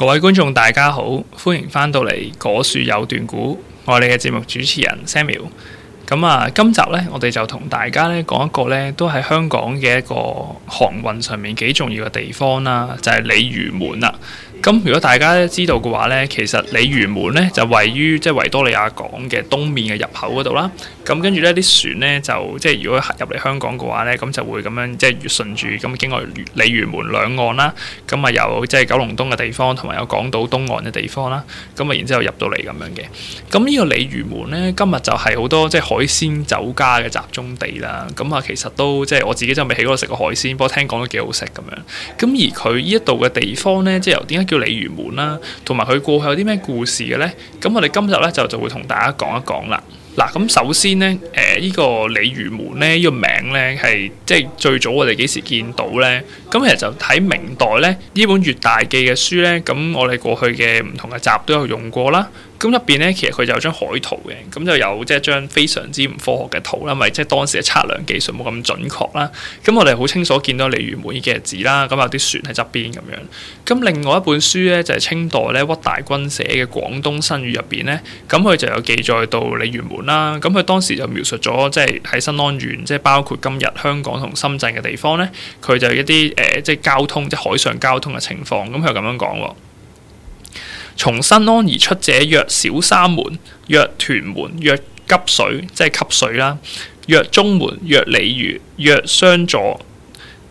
各位觀眾大家好，歡迎翻到嚟《果樹有段股》，我哋嘅節目主持人 Samuel。咁啊，今集呢，我哋就同大家呢講一個呢，都喺香港嘅一個航運上面幾重要嘅地方啦，就係、是、鯉魚門啦。咁如果大家知道嘅話呢，其實鯉魚門呢就位於即係、就是、維多利亞港嘅東面嘅入口嗰度啦。咁跟住呢啲船呢，就即係如果入嚟香港嘅話呢，咁就會咁樣即係越順住咁經過鯉魚門兩岸啦。咁啊有即係、就是、九龍東嘅地方，同埋有港島東岸嘅地方啦。咁啊然之後入到嚟咁樣嘅。咁呢個鯉魚門呢，今日就係好多即係海鮮酒家嘅集中地啦。咁啊其實都即係、就是、我自己就未喺嗰度食過海鮮，不過聽講都幾好食咁樣。咁而佢呢一度嘅地方呢，即係由點解叫鯉魚門啦，同埋佢過去有啲咩故事嘅呢？咁我哋今日呢，就就會同大家講一講啦。嗱，咁首先呢，誒、呃、依、這個鯉魚門呢依、這個名呢，係即係最早我哋幾時見到呢？咁其實就睇明代呢，呢本《粵大記》嘅書呢，咁我哋過去嘅唔同嘅集都有用過啦。咁入邊咧，其實佢就有張海圖嘅，咁就有即係張非常之唔科學嘅圖啦，因為即係當時嘅測量技術冇咁準確啦。咁我哋好清楚見到鯉魚門嘅字啦，咁有啲船喺側邊咁樣。咁另外一本書咧，就係清代咧屈大均寫嘅《廣東新語》入邊咧，咁佢就有記載到鯉魚門啦。咁佢當時就描述咗即係喺新安縣，即係包括今日香港同深圳嘅地方咧，佢就有一啲誒即係交通即係海上交通嘅情況。咁佢就咁樣講喎。從新安而出者，曰小沙門，曰屯門，曰急水，即係汲水啦；曰中門，曰鯉魚，曰雙座，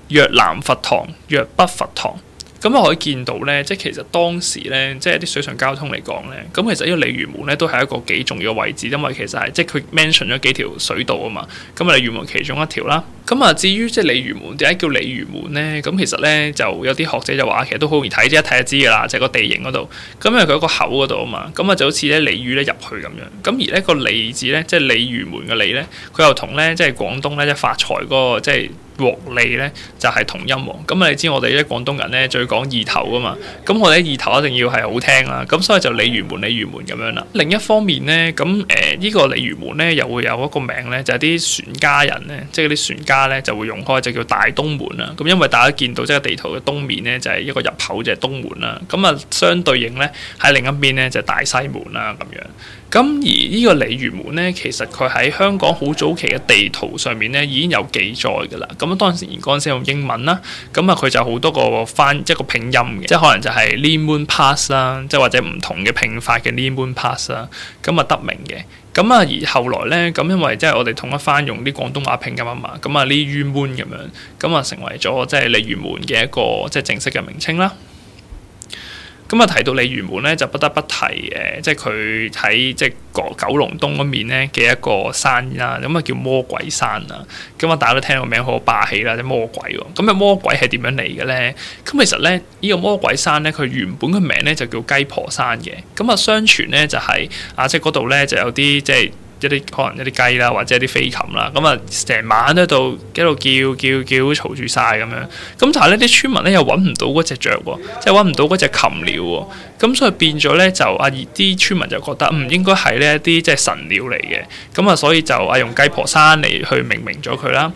曰南佛堂，曰北佛堂。咁我可以見到咧，即係其實當時咧，即係啲水上交通嚟講咧，咁其實呢個鯉魚門咧都係一個幾重要嘅位置，因為其實係即係佢 mention 咗幾條水道啊嘛。咁啊，鯉魚門其中一條啦。咁啊，至於即係鯉魚門點解叫鯉魚門咧？咁其實咧就有啲學者就話，其實都好容易睇即啫，一睇就知噶啦，就係、個地形嗰度。咁因為佢有個口嗰度啊嘛，咁啊就好似咧鯉魚咧入去咁樣。咁而呢個鯉字咧，即係鯉魚門嘅鯉咧，佢又同咧即係廣東咧即係發財嗰、嗰個即係。獲利咧就係、是、同音喎，咁啊你知我哋咧廣東人咧最講意頭噶嘛，咁我哋意頭一定要係好聽啦，咁所以就鯉魚門鯉魚門咁樣啦。另一方面咧，咁誒呢個鯉魚門咧又會有一個名咧，就係、是、啲船家人咧，即係啲船家咧就會用開就叫大東門啦。咁因為大家見到即係、這個、地圖嘅東面咧就係、是、一個入口就係東門啦，咁啊相對應咧喺另一邊咧就係、是、大西門啦咁樣。咁而呢個鯉魚門咧其實佢喺香港好早期嘅地圖上面咧已經有記載㗎啦，咁。咁當時剛先用英文啦，咁啊佢就好多個翻即係個拼音嘅，即係可能就係 Lye Moon Pass 啦，即係或者唔同嘅拼法嘅 Lye Moon Pass 啦，咁啊得名嘅，咁啊而後來咧，咁因為即係我哋統一翻用啲廣東話拼音啊嘛，咁啊 Lei Yue Mun 咁樣，咁啊成為咗即係鯉魚門嘅一個即係正式嘅名稱啦。咁啊、嗯，提到你原本咧，就不得不提誒、呃，即係佢喺即係九九龍東嗰面咧嘅一個山啦，咁、嗯、啊叫魔鬼山啊。咁、嗯、啊，大家都聽個名好好霸氣啦，啲魔鬼喎、哦。咁、嗯、啊，魔鬼係點樣嚟嘅咧？咁、嗯、其實咧，呢、這個魔鬼山咧，佢原本嘅名咧就叫雞婆山嘅。咁、嗯、啊，相傳咧就係、是、啊，即係嗰度咧就有啲即係。就是一啲可能一啲雞啦，或者一啲飛禽啦，咁啊成晚喺度喺度叫叫叫嘈住晒咁樣，咁但係呢啲村民咧又揾唔到嗰隻雀喎，即係揾唔到嗰隻禽鳥喎，咁所以變咗咧就啊啲村民就覺得唔、嗯、應該係呢一啲即係神鳥嚟嘅，咁啊所以就啊用雞婆山嚟去命名咗佢啦。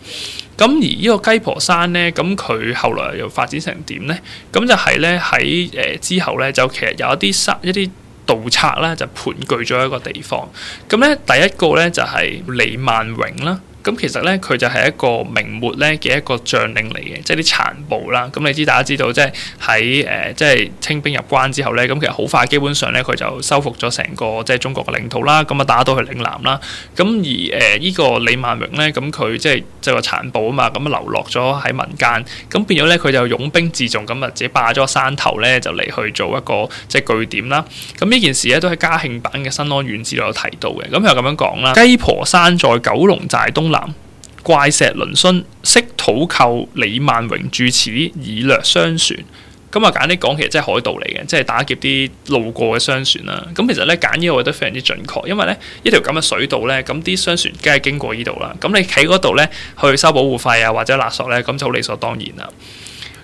咁而呢個雞婆山咧，咁佢後來又發展成點咧？咁就係咧喺誒之後咧，就其實有一啲山一啲。一盜賊咧就盤踞咗一個地方，咁咧第一個咧就係李萬榮啦。咁其實咧，佢就係一個明末咧嘅一個將領嚟嘅，即係啲殘部啦。咁你知大家知道，即係喺誒即係清兵入關之後咧，咁其實好快，基本上咧佢就收復咗成個即係中國嘅領土啦。咁啊打到去嶺南啦。咁而誒依、呃呢個李萬榮咧，咁佢即係即係個殘部啊嘛，咁啊流落咗喺民間，咁變咗咧佢就擁兵自重，咁啊自己霸咗山頭咧，就嚟去做一個即係據點啦。咁呢件事咧都喺嘉慶版嘅《新安縣志》度有提到嘅。咁又咁樣講啦，雞婆山在九龍寨東，怪石嶙峋，識土寇李萬榮駐此以掠商船，咁啊簡啲講，其實即係海盜嚟嘅，即係打劫啲路過嘅商船啦。咁、嗯、其實咧揀呢個我覺得非常之準確，因為咧呢條咁嘅水道咧，咁啲商船梗係經過、嗯、呢度啦。咁你喺嗰度咧去收保護費啊或者勒索咧，咁就好理所當然啦。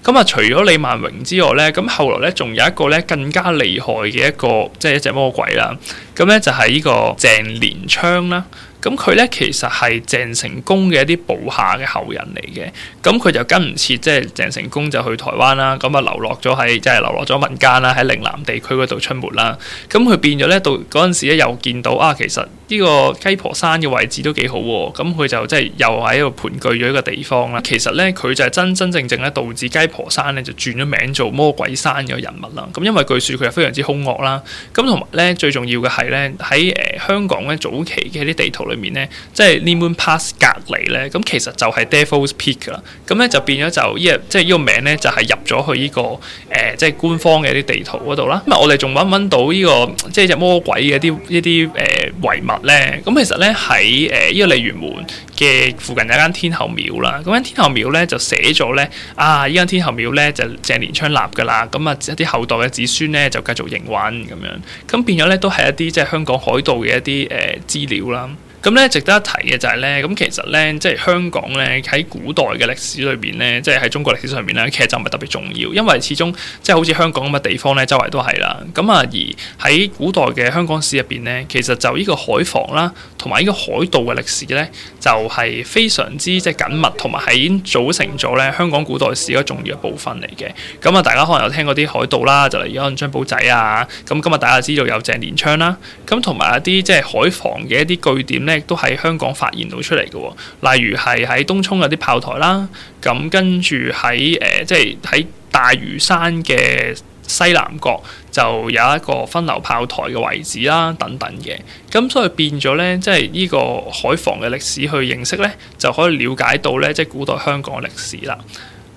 咁、嗯、啊、嗯、除咗李萬榮之外咧，咁、嗯、後來咧仲有一個咧更加厲害嘅一個即係、就是、一隻魔鬼啦。咁、嗯、咧就係、是、呢個鄭連昌啦。咁佢咧其實係鄭成功嘅一啲部下嘅後人嚟嘅，咁佢就跟唔切，即係鄭成功就去台灣啦，咁啊流落咗喺即係流落咗民間啦，喺嶺南地區嗰度出沒啦，咁佢變咗咧到嗰陣時咧又見到啊其實。呢個雞婆山嘅位置都幾好喎，哦，咁佢就即係又喺度盤踞咗一個地方啦。其實咧，佢就係真真正正咧導致雞婆山咧就轉咗名做魔鬼山嘅人物啦。咁因為據説佢係非常之兇惡啦。咁同埋咧，最重要嘅係咧喺誒香港咧早期嘅啲地圖裏面咧，即係 Lyemun Pass 隔離咧，咁其實就係 Devil's Peak 啦。咁咧就變咗就依、這個，即係呢個名咧就係、是、入咗去呢、這個誒、呃，即係官方嘅啲地圖嗰度啦。咁我哋仲揾唔揾到呢、這個即係隻魔鬼嘅啲一啲誒。遺物咧，咁其實咧喺誒依個鯉魚門嘅附近有一間天后廟啦，咁、啊、間天后廟咧就寫咗咧啊，依間天后廟咧就鄭連昌立㗎啦，咁啊一啲後代嘅子孫咧就繼續營運咁樣，咁變咗咧都係一啲即係香港海盜嘅一啲誒、呃、資料啦。咁咧值得一提嘅就係咧，咁其實咧即係香港咧喺古代嘅歷史裏邊咧，即係喺中國歷史上面咧，其實就唔係特別重要，因為始終即係好似香港咁嘅地方咧，周圍都係啦。咁啊，而喺古代嘅香港史入邊咧，其實就呢個海防啦，同埋呢個海盜嘅歷史咧，就係、是、非常之即係緊密，同埋係已經組成咗咧香港古代史一個重要嘅部分嚟嘅。咁啊，大家可能有聽過啲海盜啦，就例如可能張保仔啊，咁今日大家知道有鄭連昌啦，咁同埋一啲即係海防嘅一啲據點。都喺香港發現到出嚟嘅、哦，例如係喺東涌有啲炮台啦，咁跟住喺誒，即係喺大嶼山嘅西南角就有一個分流炮台嘅位置啦，等等嘅。咁所以變咗咧，即係呢個海防嘅歷史去認識咧，就可以了解到咧，即係古代香港嘅歷史啦。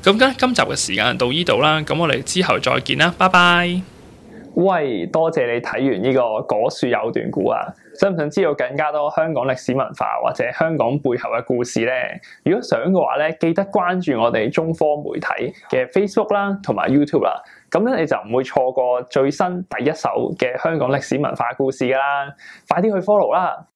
咁今今集嘅時間到呢度啦，咁我哋之後再見啦，拜拜。喂，多謝你睇完呢個果樹有段故啊！想唔想知道更加多香港歷史文化或者香港背後嘅故事咧？如果想嘅話咧，記得關注我哋中科媒體嘅 Facebook 啦，同埋 YouTube 啦。咁樣你就唔會錯過最新第一手嘅香港歷史文化故事噶啦。快啲去 follow 啦！